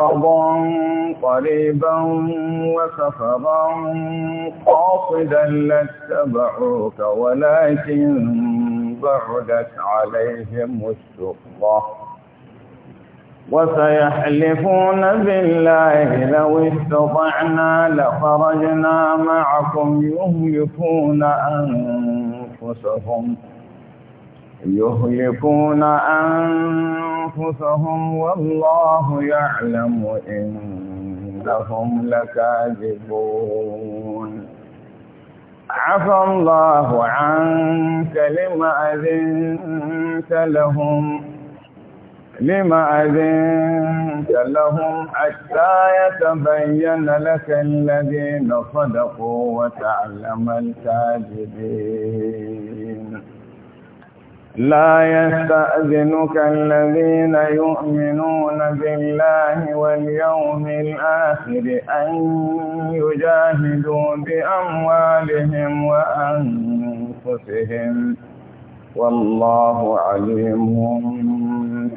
قضا قريبا وسفرا قاصدا لاتبعوك ولكن بعدت عليهم الشقة وسيحلفون بالله لو استطعنا لخرجنا معكم يهلكون أنفسهم يهلكون أنفسهم والله يعلم إنهم لكاذبون عفى الله عنك لما أذنت لهم لما أذنت لهم حتى يتبين لك الذين صدقوا وتعلم الكاذبين لا يستأذنك الذين يؤمنون بالله واليوم الآخر أن يجاهدوا بأموالهم وأنفسهم والله عليم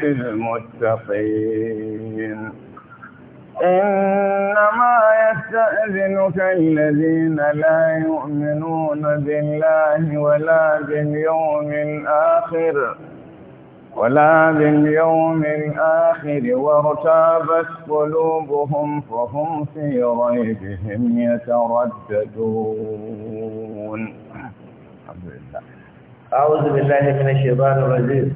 بالمتقين إنما يستأذنك الذين لا يؤمنون بالله ولا باليوم الآخر ولا باليوم الآخر وارتابت قلوبهم فهم في ريبهم يترددون الحمد لله أعوذ بالله من الشيطان الرجيم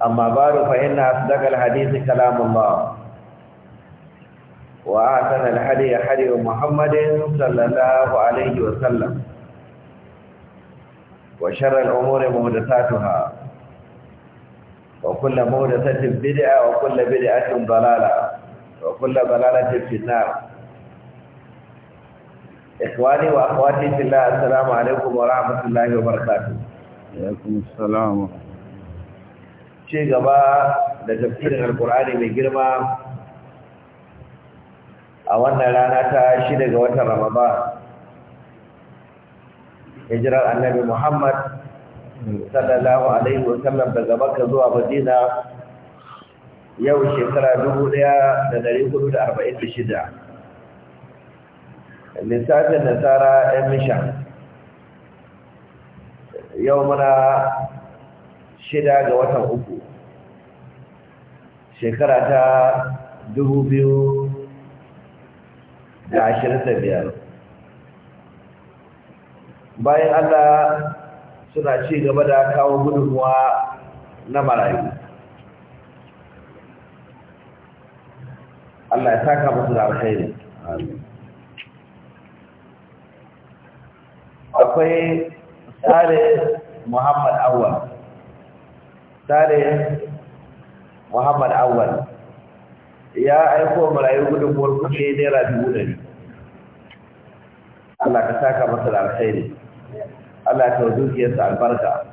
amma ba baro su inna asdaqal hadith ba. wa a asana alhadith hadith muhammadin sallallahu alaihi wa sallam wa sharra al'umuri muhdathatuha wa kullu muhdathatin bid'a wa kullu bid'atin dalala wa kullu dalalatin fitnah ikhwani wa akhwati fillah assalamu alaykum wa rahmatullahi wa barakatuh wa alaykum assalam wa ce gaba da tafsirin alkur'ani mai girma a wannan rana ta shida ga watan ramadan hijirar annabi muhammad sallallahu alaihi wa sallam, daga makka zuwa madina yau shekara dubu ɗaya da dari hudu da arba'in da shida lissafin nasara yan mishan yau muna shida ga watan uku shekara ta dubu biyu da ashirin da biyar bayan allah suna ci gaba da kawo gudunmuwa na marayu allah ya saka musu da alkhairi akwai tsare muhammad awwal tare muhammad awwal ya aiko marayu gudun buwar kuɗi naira dubu ɗari Allah ka saka masa da alkhairi Allah ta zuciyarsa albarka